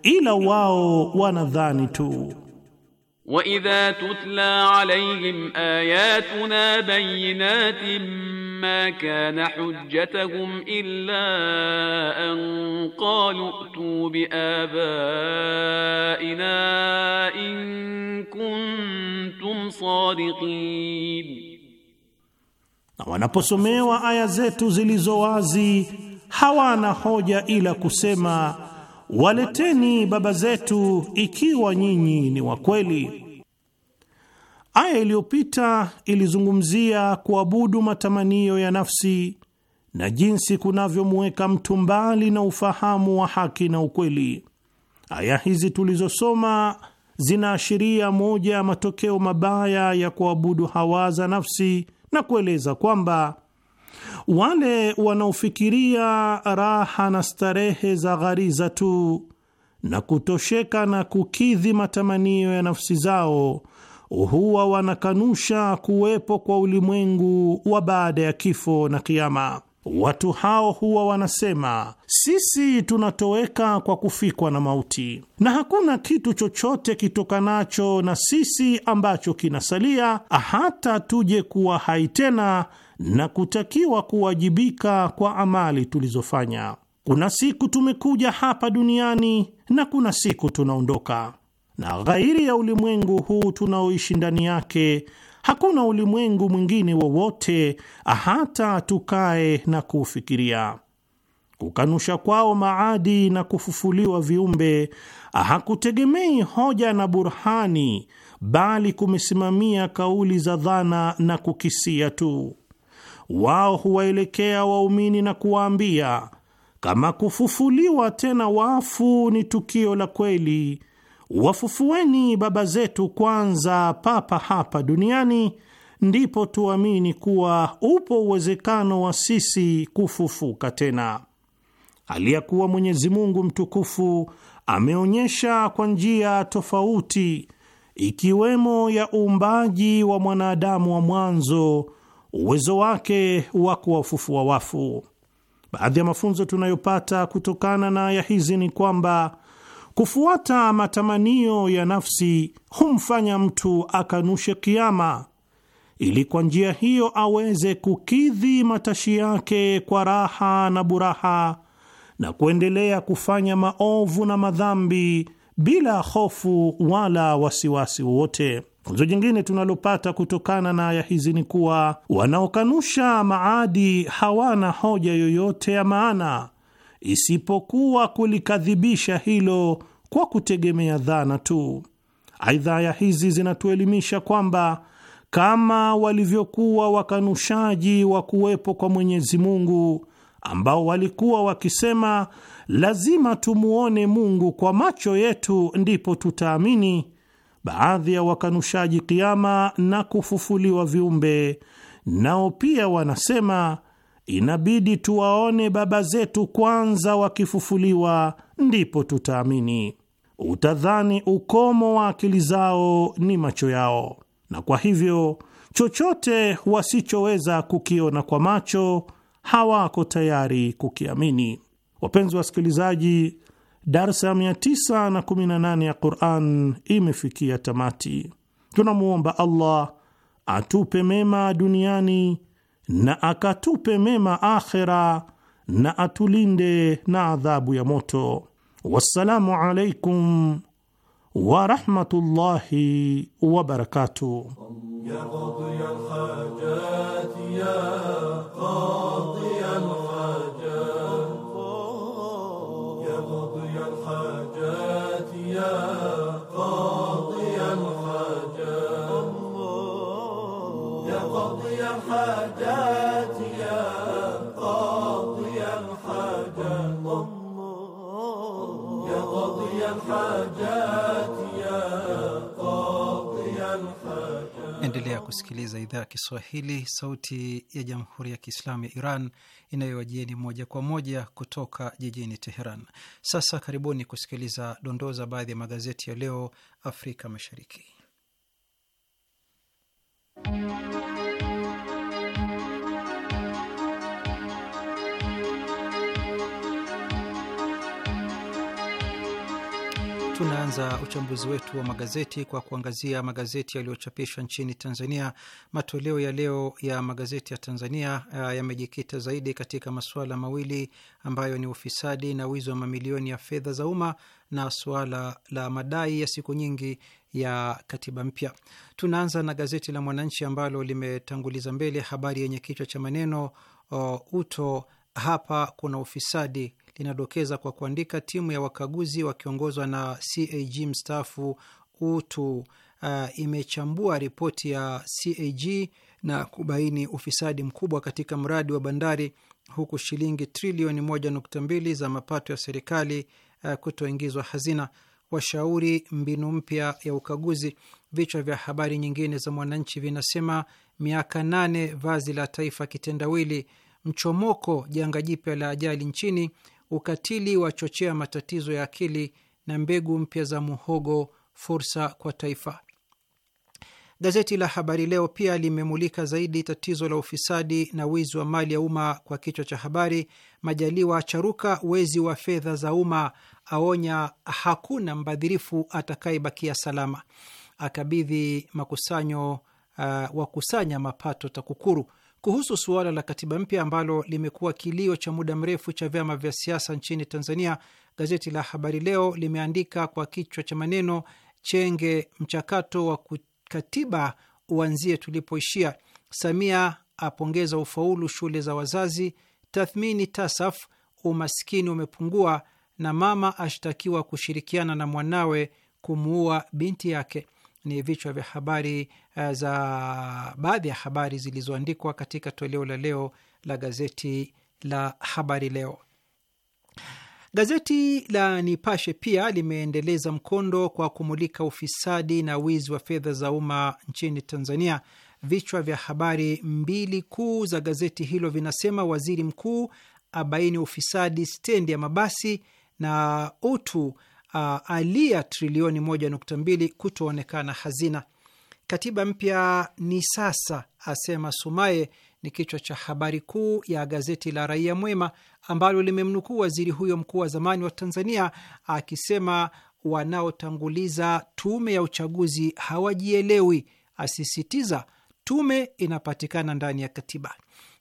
ila wao wanadhani tu. wa idha tutla alayhim ayatuna bayinatin ما كان حجتهم إلا أن قالوا ائتوا بآبائنا إن kuntum sadiqin. Na wanaposomewa aya zetu zilizo wazi hawana hoja ila kusema waleteni baba zetu, ikiwa nyinyi ni wa kweli. Aya iliyopita ilizungumzia kuabudu matamanio ya nafsi na jinsi kunavyomuweka mtu mbali na ufahamu wa haki na ukweli. Aya hizi tulizosoma zinaashiria moja ya matokeo mabaya ya kuabudu hawa za nafsi na kueleza kwamba wale wanaofikiria raha na starehe za ghariza tu na kutosheka na kukidhi matamanio ya nafsi zao huwa wanakanusha kuwepo kwa ulimwengu wa baada ya kifo na kiama. Watu hao huwa wanasema sisi tunatoweka kwa kufikwa na mauti, na hakuna kitu chochote kitokanacho na sisi ambacho kinasalia, hata tuje kuwa hai tena na kutakiwa kuwajibika kwa amali tulizofanya. Kuna siku tumekuja hapa duniani na kuna siku tunaondoka na ghairi ya ulimwengu huu tunaoishi ndani yake hakuna ulimwengu mwingine wowote, hata tukae na kuufikiria. Kukanusha kwao maadi na kufufuliwa viumbe hakutegemei hoja na burhani, bali kumesimamia kauli za dhana na kukisia tu. Wao huwaelekea waumini na kuwaambia, kama kufufuliwa tena wafu ni tukio la kweli wafufueni baba zetu kwanza papa hapa duniani, ndipo tuamini kuwa upo uwezekano wa sisi kufufuka tena. Aliyekuwa Mwenyezi Mungu mtukufu ameonyesha kwa njia tofauti, ikiwemo ya uumbaji wa mwanadamu wa mwanzo, uwezo wake wa kuwafufua wafu. Baadhi ya mafunzo tunayopata kutokana na aya hizi ni kwamba Kufuata matamanio ya nafsi humfanya mtu akanushe kiama, ili kwa njia hiyo aweze kukidhi matashi yake kwa raha na buraha na kuendelea kufanya maovu na madhambi bila hofu wala wasiwasi wowote. Funzo jingine tunalopata kutokana na aya hizi ni kuwa wanaokanusha maadi hawana hoja yoyote ya maana isipokuwa kulikadhibisha hilo kwa kutegemea dhana tu. Aidha, aya hizi zinatuelimisha kwamba kama walivyokuwa wakanushaji wa kuwepo kwa Mwenyezi Mungu ambao walikuwa wakisema lazima tumuone Mungu kwa macho yetu ndipo tutaamini, baadhi ya wakanushaji kiama na kufufuliwa viumbe nao pia wanasema inabidi tuwaone baba zetu kwanza wakifufuliwa, ndipo tutaamini. Utadhani ukomo wa akili zao ni macho yao, na kwa hivyo chochote wasichoweza kukiona kwa macho hawako tayari kukiamini. Wapenzi wasikilizaji, darsa ya 918 ya Quran imefikia tamati. Tunamwomba Allah atupe mema duniani na akatupe mema akhera na atulinde na adhabu ya moto. Wassalamu alaikum warahmatullahi wabarakatuh. الحاجات يا قاضي الحاجات يا قاضي الحاجات يا قاضي الحاجات Endelea kusikiliza idhaa ya Kiswahili, sauti ya jamhuri ya kiislamu ya Iran inayowajieni moja kwa moja kutoka jijini Teheran. Sasa karibuni kusikiliza dondoo za baadhi ya magazeti ya leo Afrika Mashariki. Tunaanza uchambuzi wetu wa magazeti kwa kuangazia magazeti yaliyochapishwa nchini Tanzania. Matoleo ya leo ya magazeti ya Tanzania uh, yamejikita zaidi katika masuala mawili ambayo ni ufisadi na wizi wa mamilioni ya fedha za umma na suala la madai ya siku nyingi ya katiba mpya. Tunaanza na gazeti la Mwananchi ambalo limetanguliza mbele habari yenye kichwa cha maneno uh, uto hapa kuna ufisadi linadokeza kwa kuandika timu ya wakaguzi wakiongozwa na CAG mstaafu Utu uh, imechambua ripoti ya CAG na kubaini ufisadi mkubwa katika mradi wa bandari huku shilingi trilioni 1.2 za mapato ya serikali uh, kutoingizwa hazina. Washauri mbinu mpya ya ukaguzi. Vichwa vya habari nyingine za Mwananchi vinasema miaka nane, vazi la taifa kitendawili, mchomoko, janga jipya la ajali nchini, ukatili wachochea matatizo ya akili na mbegu mpya za muhogo, fursa kwa taifa. Gazeti la Habari Leo pia limemulika zaidi tatizo la ufisadi na wizi wa mali ya umma kwa kichwa cha habari, Majaliwa acharuka wezi wa fedha za umma, aonya hakuna mbadhirifu atakayebakia salama, akabidhi makusanyo uh, wakusanya mapato TAKUKURU. Kuhusu suala la katiba mpya ambalo limekuwa kilio cha muda mrefu cha vyama vya siasa nchini Tanzania, gazeti la Habari Leo limeandika kwa kichwa cha maneno chenge mchakato wa katiba uanzie tulipoishia, Samia apongeza ufaulu shule za wazazi, tathmini TASAF umaskini umepungua, na mama ashtakiwa kushirikiana na mwanawe kumuua binti yake ni vichwa vya habari eh, za baadhi ya habari zilizoandikwa katika toleo la leo la gazeti la Habari Leo. Gazeti la Nipashe pia limeendeleza mkondo kwa kumulika ufisadi na wizi wa fedha za umma nchini Tanzania. Vichwa vya habari mbili kuu za gazeti hilo vinasema: waziri mkuu abaini ufisadi stendi ya mabasi na utu uh, alia trilioni 1.2 kutoonekana hazina. Katiba mpya ni sasa, asema Sumaye ni kichwa cha habari kuu ya gazeti la Raia Mwema ambalo limemnukuu waziri huyo mkuu wa zamani wa Tanzania akisema wanaotanguliza tume ya uchaguzi hawajielewi, asisitiza tume inapatikana ndani ya katiba.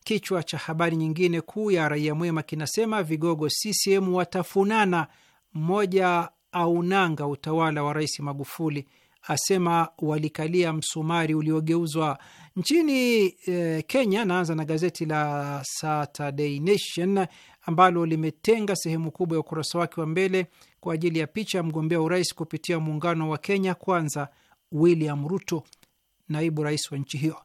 Kichwa cha habari nyingine kuu ya Raia Mwema kinasema vigogo CCM watafunana, mmoja aunanga utawala wa Rais Magufuli, asema walikalia msumari uliogeuzwa nchini eh, Kenya. Naanza na gazeti la Saturday Nation ambalo limetenga sehemu kubwa ya ukurasa wake wa mbele kwa ajili ya picha ya mgombea urais kupitia muungano wa Kenya Kwanza, William Ruto, naibu rais wa nchi hiyo.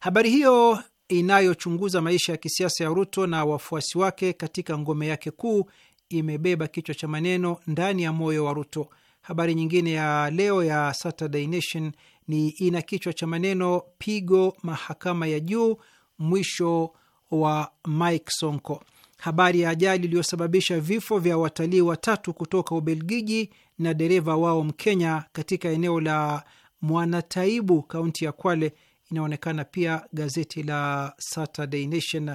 Habari hiyo inayochunguza maisha ya kisiasa ya Ruto na wafuasi wake katika ngome yake kuu imebeba kichwa cha maneno ndani ya moyo wa Ruto. Habari nyingine ya leo ya Saturday Nation ni ina kichwa cha maneno pigo mahakama ya juu, mwisho wa Mike Sonko. Habari ya ajali iliyosababisha vifo vya watalii watatu kutoka Ubelgiji na dereva wao Mkenya katika eneo la Mwanataibu, kaunti ya Kwale inaonekana pia gazeti la Saturday Nation.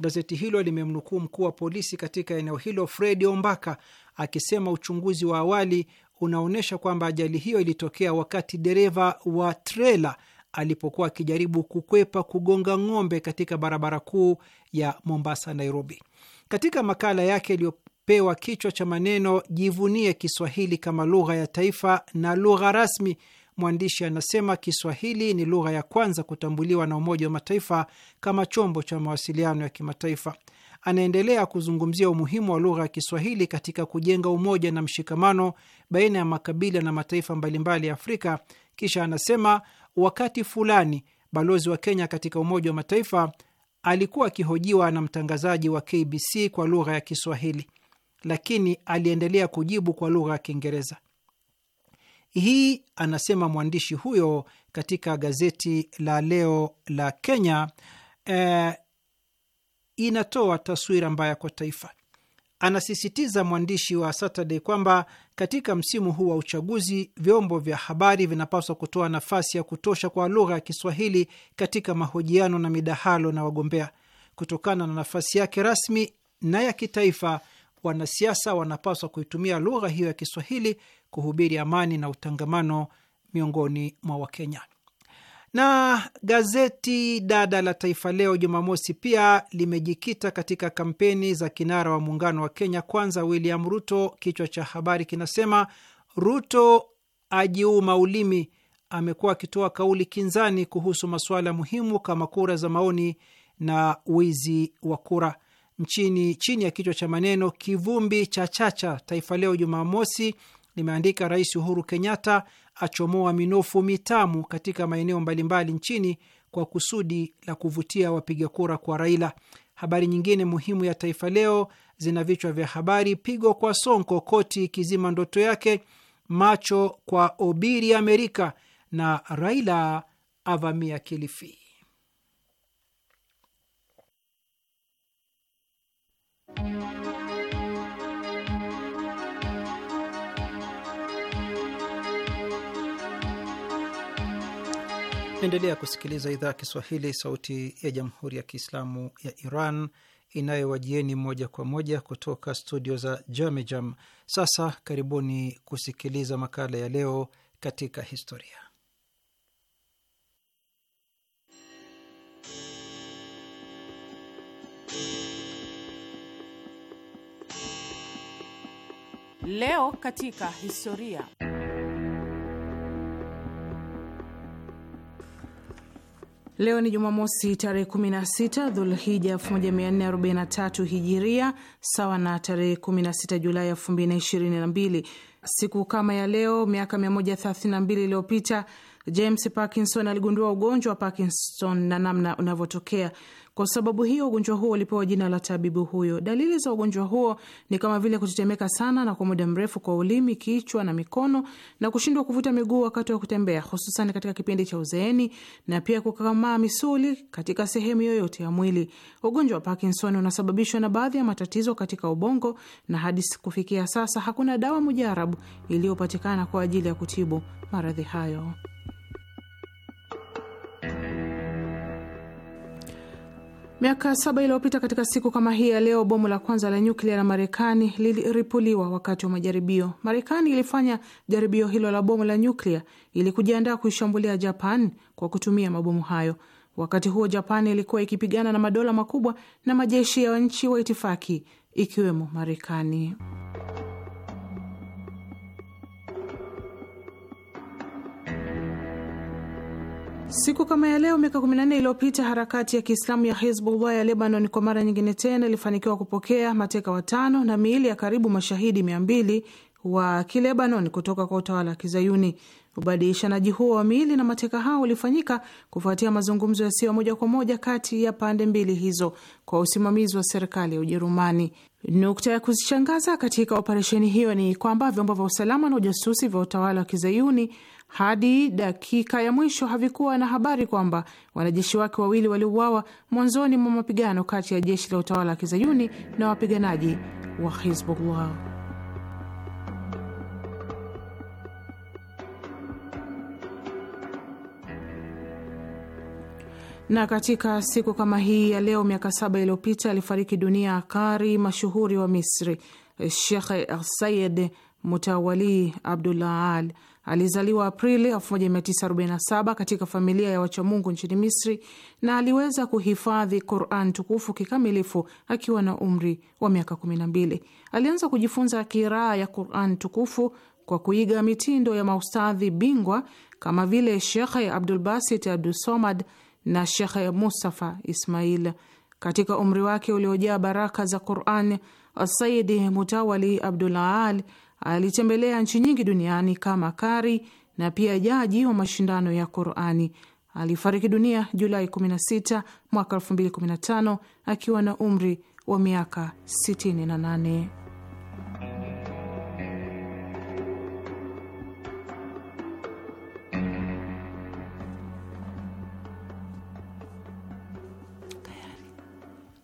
Gazeti hilo limemnukuu mkuu wa polisi katika eneo hilo Fredi Ombaka akisema uchunguzi wa awali unaonyesha kwamba ajali hiyo ilitokea wakati dereva wa trela alipokuwa akijaribu kukwepa kugonga ng'ombe katika barabara kuu ya Mombasa Nairobi. Katika makala yake iliyopewa kichwa cha maneno jivunie Kiswahili kama lugha ya taifa na lugha rasmi, mwandishi anasema Kiswahili ni lugha ya kwanza kutambuliwa na Umoja wa Mataifa kama chombo cha mawasiliano ya kimataifa. Anaendelea kuzungumzia umuhimu wa lugha ya Kiswahili katika kujenga umoja na mshikamano baina ya makabila na mataifa mbalimbali ya Afrika. Kisha anasema wakati fulani balozi wa Kenya katika Umoja wa Mataifa alikuwa akihojiwa na mtangazaji wa KBC kwa lugha ya Kiswahili, lakini aliendelea kujibu kwa lugha ya Kiingereza. Hii anasema mwandishi huyo katika gazeti la leo la Kenya. Eh, inatoa taswira mbaya kwa taifa. Anasisitiza mwandishi wa Saturday kwamba katika msimu huu wa uchaguzi vyombo vya habari vinapaswa kutoa nafasi ya kutosha kwa lugha ya Kiswahili katika mahojiano na midahalo na wagombea. Kutokana na nafasi yake rasmi na ya kitaifa, wanasiasa wanapaswa kuitumia lugha hiyo ya Kiswahili kuhubiri amani na utangamano miongoni mwa Wakenya. Na gazeti dada la Taifa Leo Jumamosi pia limejikita katika kampeni za kinara wa muungano wa Kenya Kwanza, William Ruto. Kichwa cha habari kinasema Ruto ajiuma ulimi, amekuwa akitoa kauli kinzani kuhusu masuala muhimu kama kura za maoni na wizi wa kura nchini chini ya kichwa cha maneno kivumbi cha Chacha, Taifa Leo Jumamosi limeandika Rais Uhuru Kenyatta achomoa minofu mitamu katika maeneo mbalimbali nchini kwa kusudi la kuvutia wapiga kura kwa Raila. Habari nyingine muhimu ya Taifa Leo zina vichwa vya habari: pigo kwa Sonko, koti ikizima ndoto yake, macho kwa Obiri Amerika, na Raila avamia Kilifi. Naendelea kusikiliza idhaa ya Kiswahili, sauti ya jamhuri ya kiislamu ya Iran inayowajieni moja kwa moja kutoka studio za Jamejam. Sasa karibuni kusikiliza makala ya leo katika historia Leo katika historia. Leo ni Jumamosi tarehe 16 Dhulhija 1443 Hijiria, sawa na tarehe 16 Julai 2022. Siku kama ya leo miaka 132 iliyopita James Parkinson aligundua ugonjwa wa Parkinson na namna unavyotokea. Kwa sababu hiyo, ugonjwa huo ulipewa jina la tabibu huyo. Dalili za ugonjwa huo ni kama vile kutetemeka sana na kwa muda mrefu kwa ulimi, kichwa na mikono, na kushindwa kuvuta miguu wakati wa kutembea, hususan katika kipindi cha uzeeni, na pia kukamaa misuli katika sehemu yoyote ya mwili. Ugonjwa wa Parkinson unasababishwa na baadhi ya matatizo katika ubongo, na hadi kufikia sasa hakuna dawa mujarabu iliyopatikana kwa ajili ya kutibu maradhi hayo. Miaka saba iliyopita katika siku kama hii ya leo, bomu la kwanza la nyuklia la Marekani liliripuliwa wakati wa majaribio. Marekani ilifanya jaribio hilo la bomu la nyuklia ili kujiandaa kuishambulia Japan kwa kutumia mabomu hayo. Wakati huo, Japan ilikuwa ikipigana na madola makubwa na majeshi ya nchi wa itifaki ikiwemo Marekani. Siku kama ya leo miaka 14 iliyopita harakati ya Kiislamu ya Hizbullah ya Lebanon kwa mara nyingine tena ilifanikiwa kupokea mateka watano na miili ya karibu mashahidi 200 wa Kilebanon kutoka kwa utawala wa Kizayuni. Ubadilishanaji huo wa miili na mateka hao ulifanyika kufuatia mazungumzo yasiyo moja kwa moja kati ya pande mbili hizo kwa usimamizi wa serikali ya Ujerumani. Nukta ya kushangaza katika operesheni hiyo ni kwamba vyombo vya usalama na ujasusi vya utawala wa Kizayuni hadi dakika ya mwisho havikuwa na habari kwamba wanajeshi wake wawili waliuawa mwanzoni mwa mapigano kati ya jeshi la utawala wa kizayuni na wapiganaji wa Hizbullah. na katika siku kama hii ya leo miaka saba iliyopita alifariki dunia akari mashuhuri wa Misri Shekh Sayid Mutawali Abdullah Al Alizaliwa Aprili 1947 katika familia ya wachamungu nchini Misri na aliweza kuhifadhi Quran tukufu kikamilifu akiwa na umri wa miaka 12. Alianza kujifunza kiraa ya Quran tukufu kwa kuiga mitindo ya maustadhi bingwa kama vile Shekhe abdul abdu somad na Shekhe Mustafa Ismail. Katika umri wake uliojaa baraka za Quran, Saidi Mutawali Abdulaal Alitembelea nchi nyingi duniani kama kari na pia jaji wa mashindano ya Qurani. Alifariki dunia Julai 16 mwaka 2015 akiwa na umri wa miaka 68.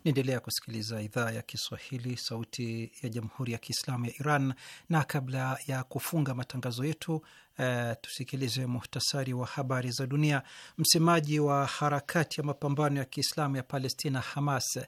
Niendelea kusikiliza idhaa ya Kiswahili, sauti ya jamhuri ya kiislamu ya Iran. Na kabla ya kufunga matangazo yetu uh, tusikilize muhtasari wa habari za dunia. Msemaji wa harakati ya mapambano ya kiislamu ya Palestina, Hamas,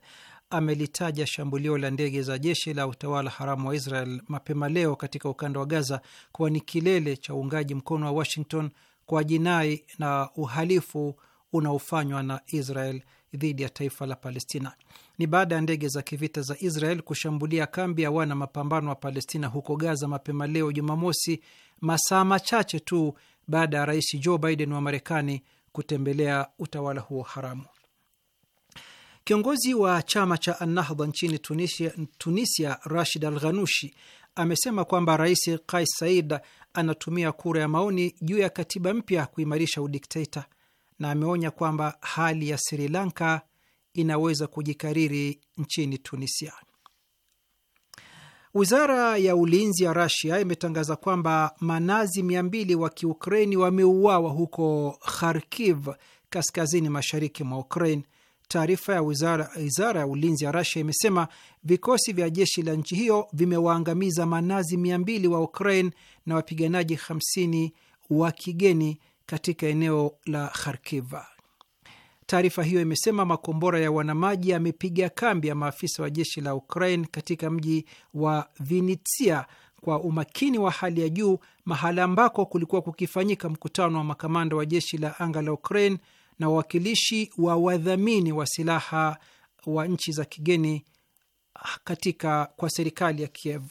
amelitaja shambulio la ndege za jeshi la utawala haramu wa Israel mapema leo katika ukanda wa Gaza kuwa ni kilele cha uungaji mkono wa Washington kwa jinai na uhalifu unaofanywa na Israel dhidi ya taifa la Palestina. Ni baada ya ndege za kivita za Israel kushambulia kambi ya wana mapambano wa Palestina huko Gaza mapema leo Jumamosi, masaa machache tu baada ya rais Joe Biden wa Marekani kutembelea utawala huo haramu. Kiongozi wa chama cha anahda nchini Tunisia, Tunisia Rashid Al Ghanushi amesema kwamba rais Kais said anatumia kura ya maoni juu ya katiba mpya kuimarisha udikteta na ameonya kwamba hali ya Sri Lanka inaweza kujikariri nchini Tunisia. Wizara ya ulinzi ya Rasia imetangaza kwamba manazi mia mbili wa Kiukraini wameuawa huko Kharkiv, kaskazini mashariki mwa Ukraine. Taarifa ya wizara, wizara ya ulinzi ya Rasia imesema vikosi vya jeshi la nchi hiyo vimewaangamiza manazi mia mbili wa Ukraine na wapiganaji 50 wa kigeni katika eneo la Kharkiva. Taarifa hiyo imesema makombora ya wanamaji yamepiga kambi ya maafisa wa jeshi la Ukraine katika mji wa Vinitsia kwa umakini wa hali ya juu, mahala ambako kulikuwa kukifanyika mkutano wa makamanda wa jeshi la anga la Ukraine na wawakilishi wa wadhamini wa silaha wa nchi za kigeni katika kwa serikali ya Kiev.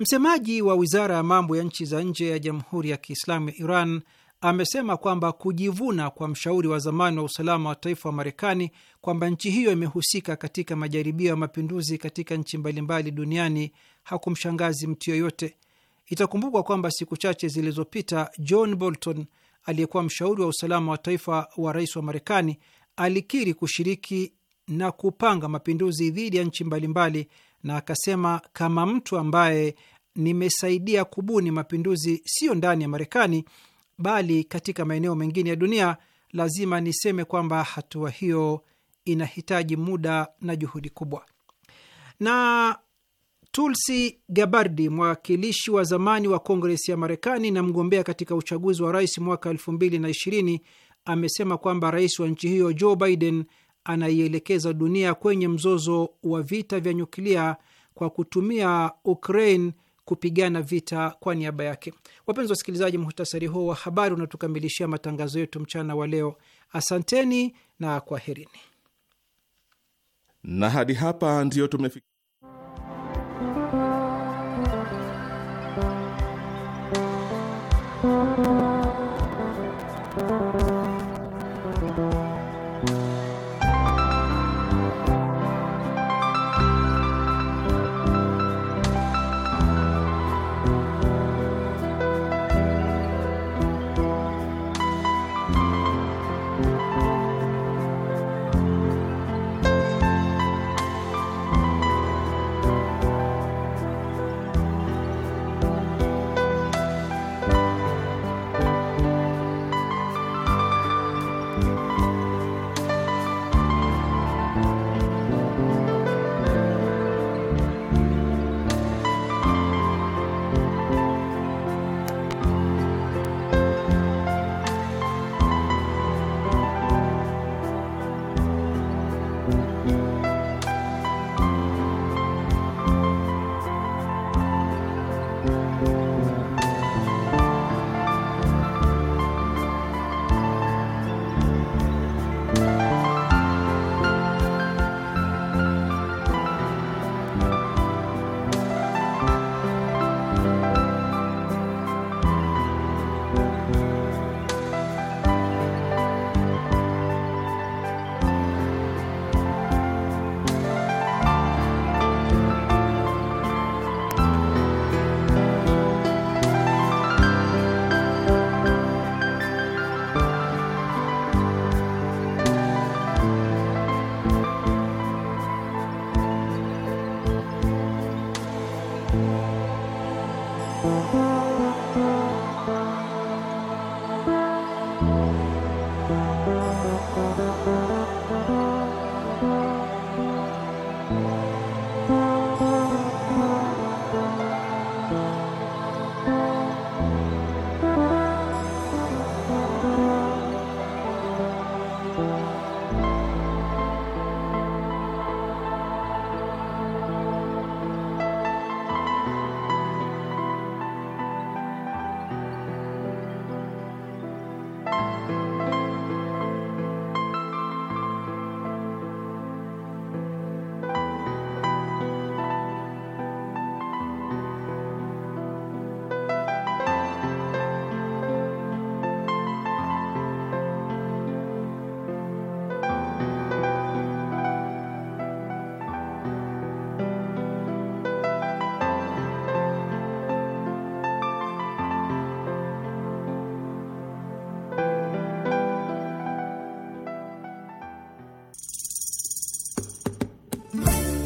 Msemaji wa wizara ya mambo ya nchi za nje ya Jamhuri ya Kiislamu ya Iran amesema kwamba kujivuna kwa mshauri wa zamani wa usalama wa taifa wa Marekani kwamba nchi hiyo imehusika katika majaribio ya mapinduzi katika nchi mbalimbali duniani hakumshangazi mtu yoyote. Itakumbukwa kwamba siku chache zilizopita John Bolton aliyekuwa mshauri wa usalama wa taifa wa rais wa Marekani alikiri kushiriki na kupanga mapinduzi dhidi ya nchi mbalimbali, na akasema kama mtu ambaye nimesaidia kubuni mapinduzi siyo ndani ya Marekani bali katika maeneo mengine ya dunia, lazima niseme kwamba hatua hiyo inahitaji muda na juhudi kubwa. Na Tulsi Gabardi, mwakilishi wa zamani wa Kongresi ya Marekani na mgombea katika uchaguzi wa rais mwaka elfu mbili na ishirini, amesema kwamba rais wa nchi hiyo Joe Biden anaielekeza dunia kwenye mzozo wa vita vya nyuklia kwa kutumia Ukraine kupigana vita kwa niaba yake. Wapenzi wasikilizaji, muhtasari huo wa habari unatukamilishia matangazo yetu mchana wa leo. Asanteni na kwaherini, na hadi hapa ndiyo tumefika.